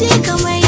Take kamar